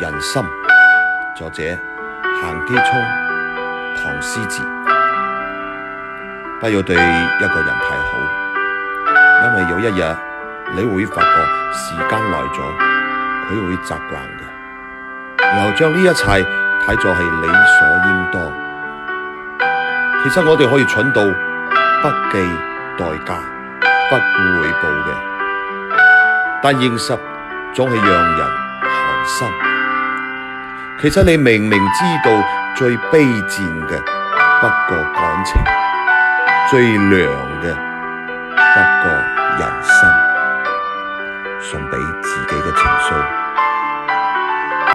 人心，作者行基聰、唐詩哲。不要對一個人太好，因為有一日你會發覺時間耐咗，佢會習慣嘅，然後將呢一切睇作係理所應當。其實我哋可以蠢到不計代價、不顧回報嘅，但現實總係讓人寒心。其實你明明知道最卑賤嘅不過感情，最涼嘅不過人心，送俾自己嘅情書。